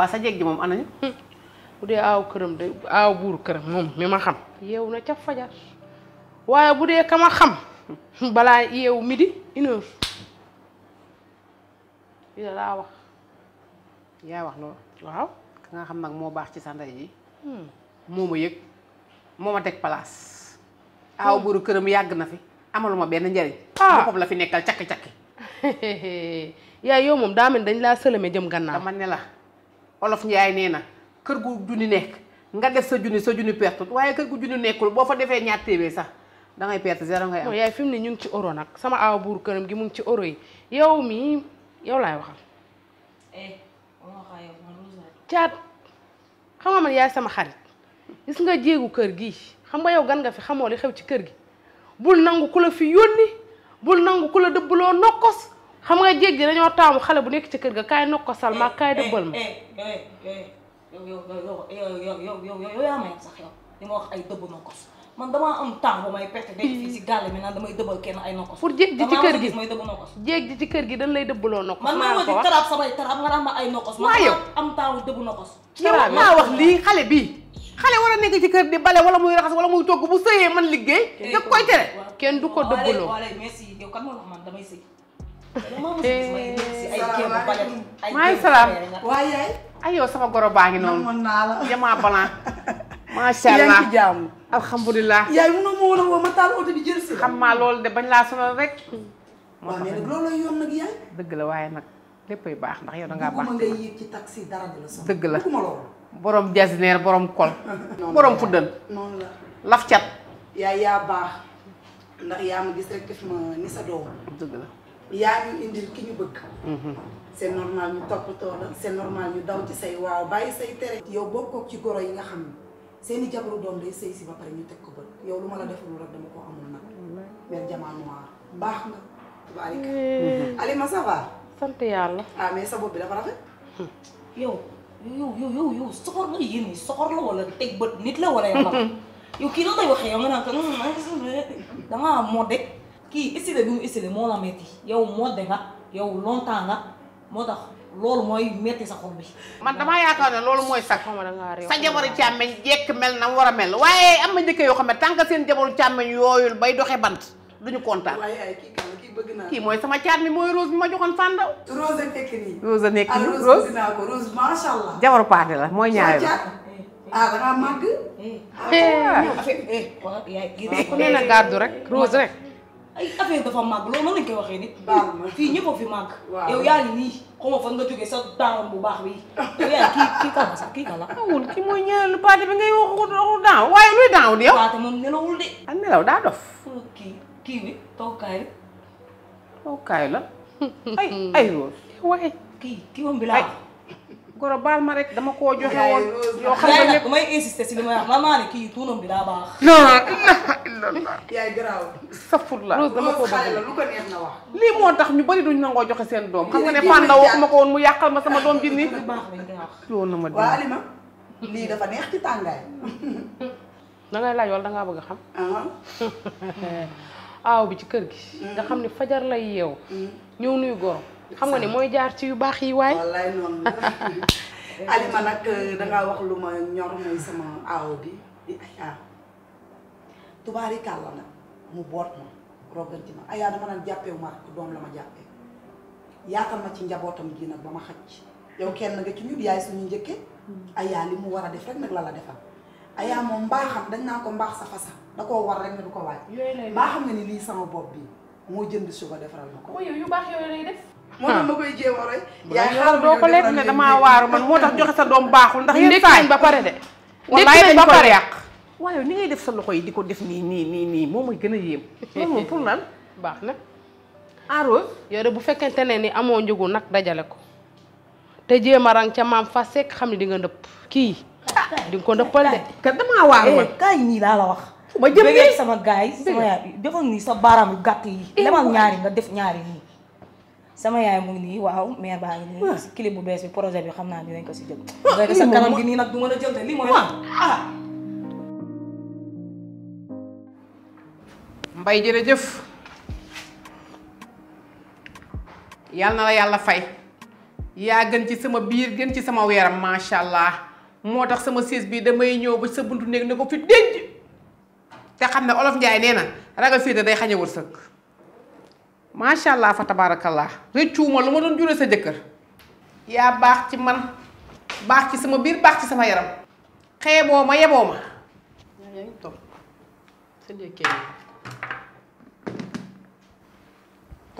wa sa jeeg ji moom anañu bu dee aaw këram de aaw buur këram mi ma xam yew na ca fajar waya budé kama xam bala yew midi une heure ila la wax ya wax loolu waw nga xam nak mo bax ci sa ndey ji hmm ma yek moma tek place aw buuru kërëm yag na fi amaluma ben njariñ boppam ah. la fi nekkal ciak ciak ya yow mom da mel dañ laa sëlëme jëm ganna dama ne la olof njaay neena keur gu junni nek nga def sa junni sa junni perte waye keur gu junni nekul bo fa defé ñaat téeméer sax da ngay perte zéro ngay am yaay ñu ci oro nak sama awa bur keuram gi mu ngi ci oro yi yow mi yow lay waxal eh, Chat, xam nga man yaay sama xarit gis nga jéegu keur gi xam nga yow gan nga fi xamoo li xew ci keur gi bul nangu kula fi yoni bul nangu kula debbulo nokos xam nga jéeg ji dañoo taamu xale bu nekk ci kër ga kaay nokk sal ma kaay dëbbal ma. yow yow yow yow yow yow yow yaa may sax yow li ma damaa am temps bu may perte day fii si gàll mi naan damay dëbbal kenn ay nokkos. pour jéeg ji ci kër gi damay ci kër gi dañ lay dëbbaloo nokkos. man maa di taraab samay taraab nga naan ma ay nokkos. waaw yow am temps wu dëbb nokkos. taraab maa wax lii xale bii. xale war a nekk ci kër di bale wala muy raxas wala muy togg bu sëyee man liggéey. da koy tere kenn du ko dëbbaloo. waaw waaw waaw maa ngi salaam ay yow sama goro baa ngi noonu mën naa iya, la jamaa balan macha allah yaa ngi jàmm alhamdulilah yaay mënoo ma woon a woo ma taal oto bi jël si xam maa loolu de bañ laa sonal rek moo tax nag loolu yoon nag yaay dëgg la waaye nag léppay baax ndax yow dangaa dara du la sonal dëgg la borom jasineer borom kol borom fuddën Non la laf chat. Ya ya baax ndax yaa ma gis rek ma ni sa doom dëgg yaa ñu indil ki ñu bëgg. Mhm. c'est normal ñu toppatoo la c'est normal ñu daw ci say waaw bàyyi say tere. yow bokkoo ci goro yi nga xam ne seeni jabaru doom day sëy si ba pare ñu teg ko bët yow lu ma la defalul rek dama ko amul nag. mère Diama Noir baax nga. tubaarika eh. Alima ça va. sant yàlla. ah mais sa bi hmm. la da moo dégg. kii istile bi mu istile moo la metti yow modde nga yow longtemps nga moo tax loolu mooy metti sa xol bi. man damaa yaakaar ne loolu mooy sax sa jabaru càmmeñ jekk mel na war a mel waaye am na njëkk yoo xam ne tant que seen jabaru càmmeñ yooyul bay doxe bant duñu kontaan. waaye ay kii kii mooy sama caat mi mooy rose bi ma joxoon fàndaw. rose nekk nii. rose nekk ah, nii rose rose dinaa paate la mooy ñaareel. ah dangaa màgg. ah na gàddu rek rose rek. ay affaire dafa màgg loolu noonu lañ koy waxee nit. baax na fii fi màgg. waaw yaa ngi nii xaw ma nga jógee sa daaw bu baax bi yow yaa kii kii kala sax kii kala. awul ki mooy ñaareelu bi ngay waxu waxu daaw waaye luy daaw di yow. waaw ah, nelaw daa dof. kii kii bi toogukaay bi. toogukaay la. ay ay Rose. kii kii moom bi laa. goro baal ma rek dama koo joxe woon. yoo xam ne damay insister li may wax maa maa ne kii tuunam bi daa baax. non illallah yaay garaaw safurla dama ko bëgg lu ko neex na wax lii moo tax ñu bari duñ nangoo joxe seen doom xam nga ne Fanda waxuma ko woon mu yàqal ma sama doom ji nii woon na ma di waa Alima lii dafa neex ci tàngaay da ngay laaj bëgg a xam aaw bi ci kër gi mm. nga ne fajar lay yeew mm. ñëw nuyu xam nga ne mooy jaar ci yu baax yi waay wallaay noonu Alima nag euh, dangaa wax lu ma ñor mooy sama aaw bi ah, tubaari kàlla nag mu boot ma roganti ma ayaa dama naan jàppewu ma doom la ma jàppee yaatal ma ci njabootam gi nag ba ma xaj yow kenn nga ci ñun yaay suñu njëkke ayaa li mu war a def rek nag la la defal ayaa moom mbaaxam dañ naa ko mbaax sa fasa da koo war rek ne du ko waaj mbaa xam nga ni lii sama bopp bi moo jënd suba defaral ma ko yu baax yooyu lay def moo tax ma koy jéem a roy yaay xaar doo ko lekk ne damaa waaru man moo tax joxe sa doom baaxul ndax yéen ba pare de ndekki nañ ba pare waaye ni ngay def sa loxoy diko di def ni ni ni ni moom mooy pour nan baxna bu ne ni amo njëgu nak dajale ko te jema rang ca mam fa sek xamni di nga ndëpp ki di ko ndëppal de. ka dama waar ma eh, kay ni la la wax. ma jëm ni sama gaay sama yaay bi defal nii sa baram gatt yi. lemal eh, ñaari nga def ñaari ni sama yaay mu ni nii waaw mère ngi nii. Ah. clip bu bes bi projet bi xamna naa dinañ ko si ah, jël. sa kanam gi ni nak du jël te li moy ah mbay jërëjëf yal na la yalla fay ya gën ci sama biir gën ci sama ma sha allah motax sama sis bi damay ñëw ba sa buntu neeg nako fi denj te xam olof ndjay nee ragal day ma sha allah fa tabarakallah rëccuwuma luma doon jure sa jëkkër ya bax ci man bax ci sama biir bax ci sama yaram ya ma yeboo ma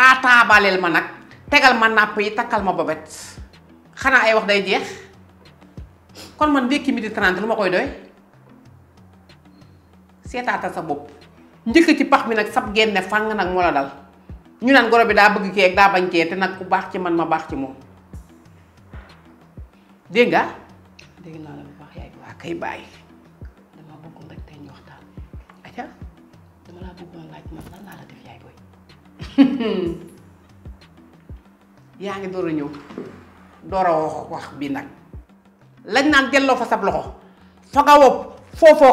ata balel ma nak tegal ma nap yi takal ma bobet xana ay wax day jeex kon man ndékki midi 30 luma koy doy seta ta sa bop njëkk ci pax mi nak sap genné fang nak mo la dal ñu nan gorobi da bëgg ki ak da bañ ci té nak ku bax ci man ma bax ci moom dé nga dé nga la bax yaay wa kay bay dama bëggoon rek tay ñu waxtaan acca dama laa bëggoon laaj man la la def yaangi doro ñew doro wax wax bi nak lañ nan delo fa sab loxo fa nga wopp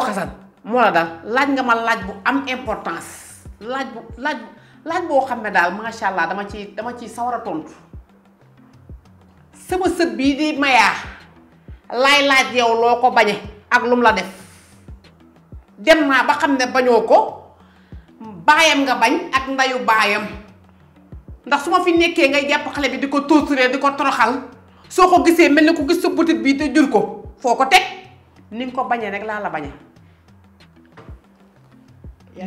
xasan mo la dal laaj nga ma laaj bu am importance laaj bu laaj laaj bo xam dal ma sha allah dama ci dama ci sawara tontu sama seut bi di maya lay laaj yow loko ko bañe ak lum la def dem naa ba xam bañoko baayam nga bañ ak ndayu baayam ndax su ma fi nekkee ngay jàpp xale bi di ko torturer di ko toroxal soo ko gisee mel ni ko gis sa butit bii te jur ko foo ko teg ni ko bañee rek laa la bañee.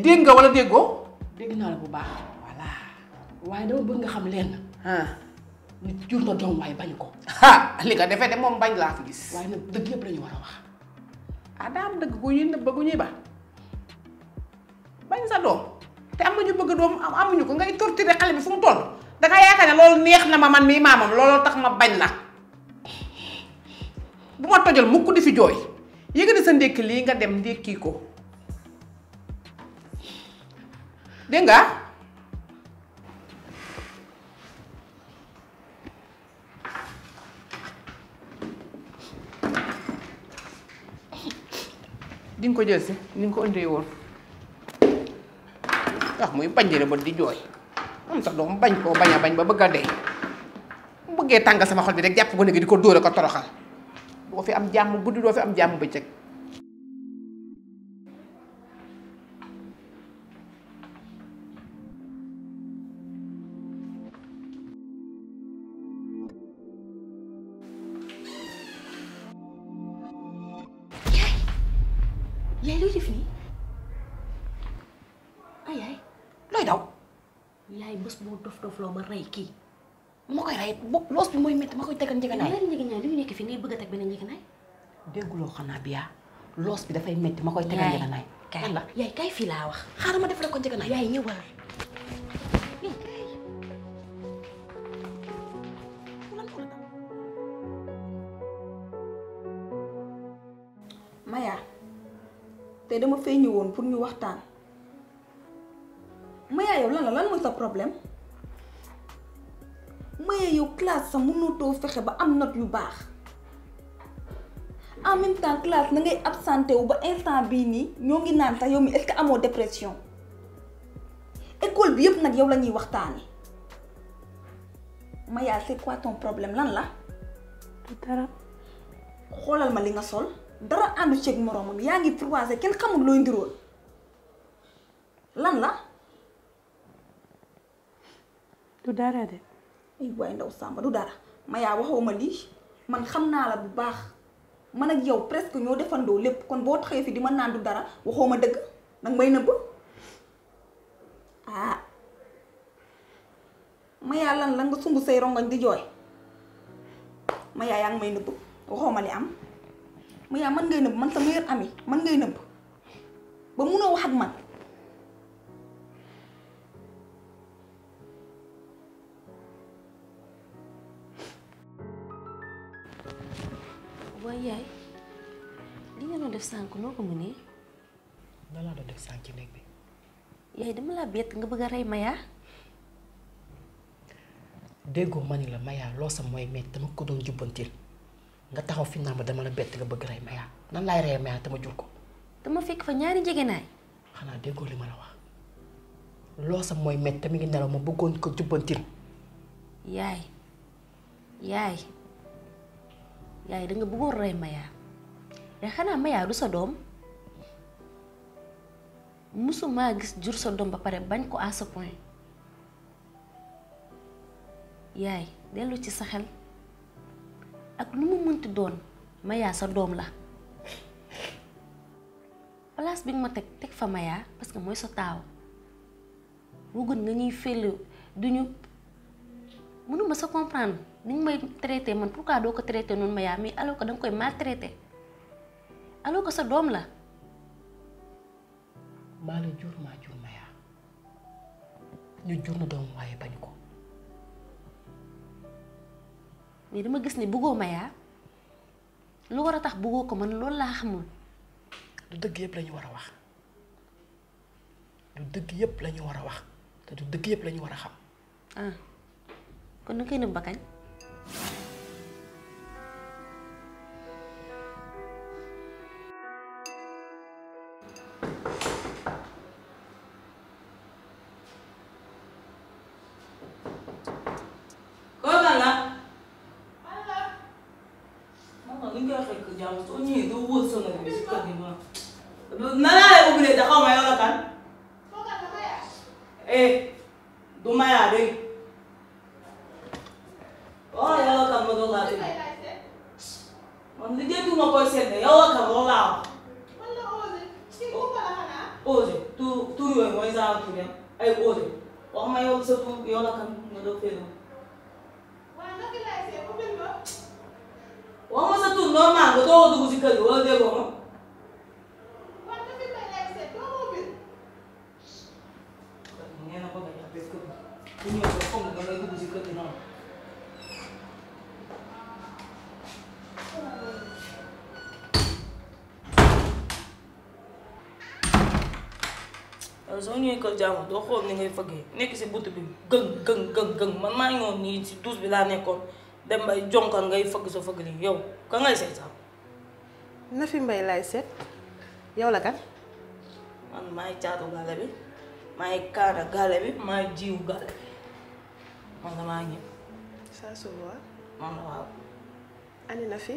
dégg nga wala déggoo. dégg naa la bu baax. voilà waaye dama bëgg nga xam lenn. ñu jur nga doom waaye bañ ko. li nga defee de moom bañ laa si gis. waaye nag dëgg yëpp la ñu war a wax. ah dëgg gu ñuy nëbb gu ñuy ba bañ sa doom. te am nañu bëgg doom am amuñu ko ngay torturer xalé bi fu mu toll nga yaaka ne lool neex na ma man mi mamam lool tax ma bañ la bu ma tojal ko di fi jooy yëgadi kan sa ndek li nga dem ndekki ko de nga ya, ding ko jël ci ni ko ëndé woon Ah, mau impan jadi berdi joy. Untuk hmm, dong impan kau banyak banyak babak gadai. Bagai tangga sama kau bedek jap, kau negeri kau dua kotor terokal. Dua fi am jamu, budi dua fi am jamu becek. Yeah, lu di sini. bés boo dof dof loo ma rey kii ma koy rey bo loos bi mooy métti ma koy tegal njëganaay. ñaari njëganaay dañu nekk ngay bëgg a teg beneen njëganaay. dégguloo xanaa bi dafay métti ma koy tegal njëganaay. kay la yaay kay fii laa wax xaaral ma def la ko njëganaay yaay ñëwal. Maya te dama fee ñëwoon pour ñu waxtaan. yow lan la lan mooy problème maye yow classe sa mënutoo fexe ba am note yu baax en même temps classe na ngay absenté wu ba instant bii nii ñoo ngi naan sax yow mi est amoo dépression école bi yëpp nag yow la ñuy waxtaane Maya c'est quoi problème lan la. dara. xoolal ma li nga sol dara àndu ceeg moroomam yaa ngi croisé kenn xamul looy ndirool lan la. du dara de. ay waay ndaw Samba du dara Maya waxoo ma lii man xam naa la bu baax man ak yow presque ñoo defandoo lépp kon boo taxee fi di ma naan du dara waxoo ma dëgg nag may nëbb ah Maya lan la nga sumb say rongoñ di jooy Maya yaa ngi may nëbb waxoo ma li am Maya man ngay nëbb man sa meilleur ami man ngay nëbb ba munoo wax ak man. waaye yaay li nga doon def sànq noo ko mu nii nga laa doon def sànq ci bi yaay dama nga bëgg Maya déggoo ma ni la Maya loo sa mooy metti dama ko doon ya? nga taxaw fi dama la nga bëgg Maya nan laay ya, Temu Maya dama jur ko dama fekk fa ñaari jegenaay xanaa déggoo li ma la wax loo sa mooy nelaw ma ko ya bugoraymaya xanaa mayaa ya, ya ya kan gis jur sodom, sodom musuh magis jur sodom bapak ce point yaay dellu ci sa xel ak lu mu mënti doon mayaa pas doom la place bi nga ma teg fa maya pas que mooy sa taaw nga ñuy duñu sa ning may traité man pourquoi do ko traité non ma yaa mais alors que da nga koy maltraité alors que sa dom la maa jour ma jour ma ñu jour na dom waye bañ ko ni dama gis ni bugo ma lu wara tax bugo ko man lool la xamul du deug yeb lañu wara wax du deug yeb lañu wara wax du deug yeb lañu wara xam ah kon nu koy 回来了？回来。妈妈，你家，我昨天都卧床了，你快点嘛。奶奶来屋里来打牌，我来干。哎，都买啊！的。oh yow kam ma doon laa tudd man liggéey ma koy seet ne yow kam loolu laa wax. Ousseyn tur tur yooyu mooy genre tur yam ay Ousseyn wax ma yow sa tur yow la kam nga doon fee doon. wax ma sa tur normal nga doog a dugg si kër gi wala déggoo ma. kër jàmm doo xool ni ngay fëggee nekk si bunt bi gëng gëng gëng man maa ngi nii si douche bi laa nekkoon dem bay jonkan ngay fëgg sa fëgg lii yow ka ngay seet sax na fi mbay laay seet yow la kan man maay caatu gàlle bi maay kaara gàlle bi maay jiwu gàlle bi man damaa ñëw saa su waa man la waaw ani na fi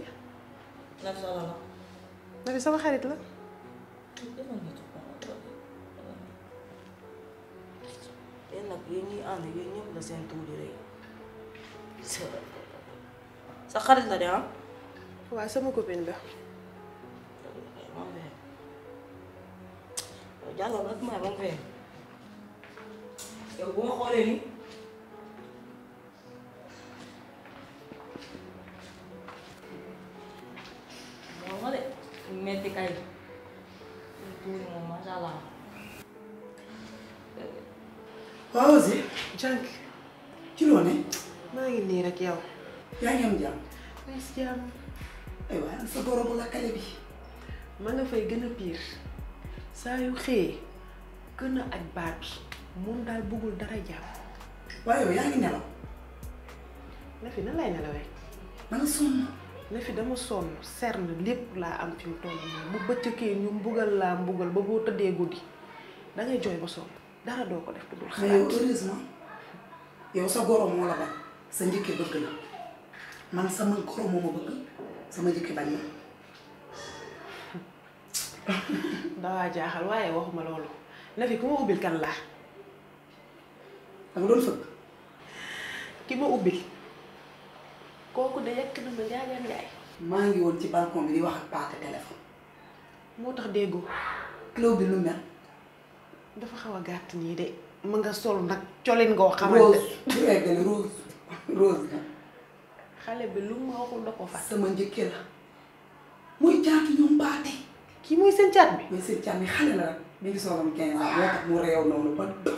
na fi sama xarit la yéen nag yéen ñuy ànd yéen ñëpp la seen tuur di rëy sa xarit la de ah. waaw sama copine la. Diallo nag maa ngi fay yow bu ma xoolee nii. moo ma de metti kay. waaw aussi. jànk. ci loo ne. maa ngi nii rek yow. yaa ngi am jàmm. maa ngi si jàmm. aywa sa borobu la kale bi. ma nga fay gën a piir saa yu xëyee gën a aj baat bi moom daal bëggul dara jàmm. waaye yow yaa ngi nelaw. na fi nan lay nelawee. ma nga sonn. na fi dama sonn sern lépp laa am fi mu toll nii bu bëccëgee ñu mbugal laa mbugal ba boo tëddee guddi da ngay jooy ba sonn. dara doo ko def dul xalaat mais yow heureusement sa goro moo la ba sa njëkke bëgg la man sama goro moo bëgg sama njëkke bañ na dawaa jaaxal waaye waxuma loolu na ubbil kan laa danga fëgg ki ma ubbi kooku de yekk na ma njaagaan njaay maa ngi woon ci balcon bi di wax moo tax déggoo clos bi lu mel dafa xaw a gàtt nii de mu nga sol nag colin ngoo xamante rose xale bi lu ma waxul da ko fas sama njëkke la muy jaatu ñoom baate kii muy seen caat bi muy seen caat bi xale la rek mi ngi soolam quinze ans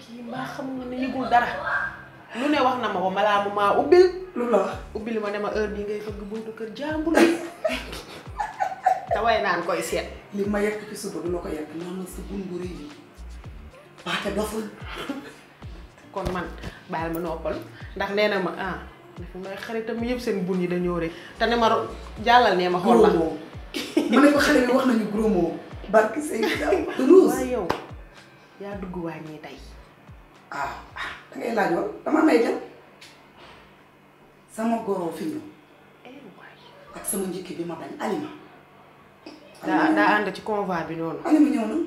kii mbaa xam nga ne yëgul dara lu ne wax na ma ba malaa mu maa ubbil lu la wax ubbil ma ne ma heure bii ngay fëgg buntu kër jàmbur te way naan koy seet li ma ci suba du ko yekk naa man sa bungu rëy yi kon man baal ma noppal ndax nee ma ah dafa may xaritam yëpp seen bun yi dañoo rëy te ma jàllal nee ma la ma ko wax nañu gros mot barki yow dugg ah, ah da ngay dama may sama goro fi eh, ak sama njëkk bi bañ daa daa ci convoi bi noonu. ana mu na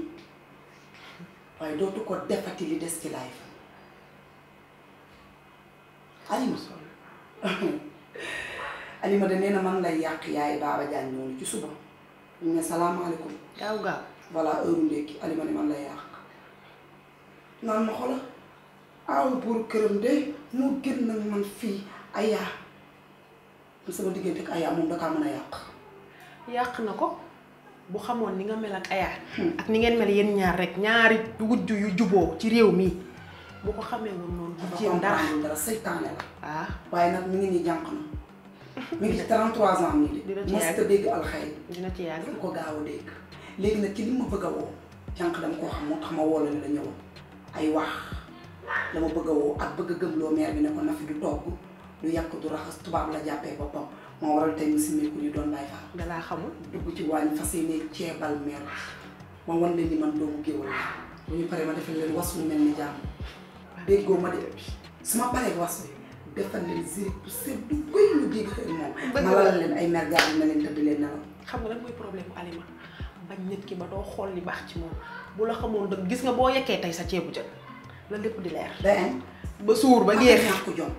waaye dootu ko defati li des ci laay fa alima alima de nee man lay yàq yaay baaba jaan noonu ci suba ñu ne salaamaaleykum gaaw gaaw voilà heure ndékki alima ne man lay yàq naan ma xola aw buur këram de moo gën nag man fii ayaa man sama diggante ak ayaa moom dakaa mën a yàq yàq na ko bu xamoon ni nga mel ak Aya hmm. ak ni ngeen mel yéen ñaar rek ñaari wujj yu juboo ci réew mi bu ko xamee woon noonu du jéem dara dara ah. waaye nag mi ngi ni jànq na mi ngi ci 33 ans nii de mos ta dégg alxayr dina ci yàgg ko gaaw a dégg léegi nag ci li ma bëgg a woo jànq dama koo xam moo tax ma woo la ne la ay wax la ma woo ak bëgg a gëmloo meer bi ne ko na fi du togg lu yàq du raxas tubab la jàppee boppam mo waral tay mu simmeeku di doon laay faal. dalaa xamul. dugg ci waañ fas yéene ceebal meer ma wan leen ni man doomu géwël la bu ñu paré ma defal leen was mu melni jamm déggo ma de su paré paree was bi defal leen zéro pour du koy ñu dégg xëy moom. ma la leen ay mer gaal ma leen tëdd leen na xam nga lan mooy problème Alima bañ nit ki ba do xol li bax ci moom bu la xamoon dëgg gis nga bo yekkee tay sa ciébu jël la lepp di leer. ben ba sour ba jeex ko jom.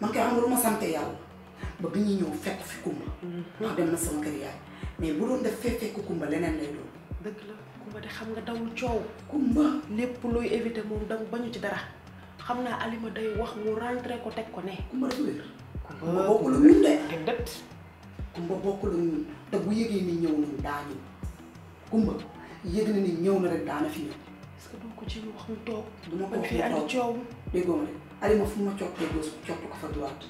man kay xam nga lu ma sant yàlla ba bi ñuy ñëw fekk fi kumba mhm. ndax dem na sama kër yaay mais bu doon def fee fekk kumba leneen lay doon dëgg la kumba de xam nga dawul coow kumba lépp luy éviter moom daw bañu ci dara xam naa alima day wax mu rentré ko teg ko ne kumba dafa wér kumba ni ñëw nañu daa ñëw kumba yëg na ni ñëw na rek daana fi ñëw est-ce que doo ko ci wax mu toog du ma ko wax mu toog déggoo ma rek alima fu ma cottee gauche cott ko fa droite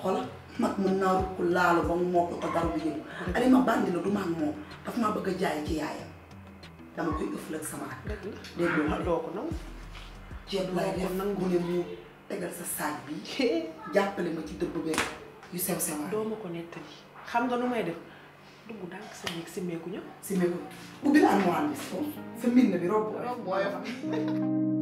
xoolal mag mën naa rukk laalu ba mu moo ko dara bi ñëw alima bandi la du maag moom daf maa bëgg a jaay ci yaayam dama koy ëffal ak sama ak dégg doo ko naw ceeb laay def ne mu tegal sa saaj bi jàppale ma ci dëbb beeg yu sew sewaan doo ko nettali xam nga lu may def dugg daal sa néeg simeeku ñëw simeeku ubbi la armoire bi sa mbir bi robb robb booy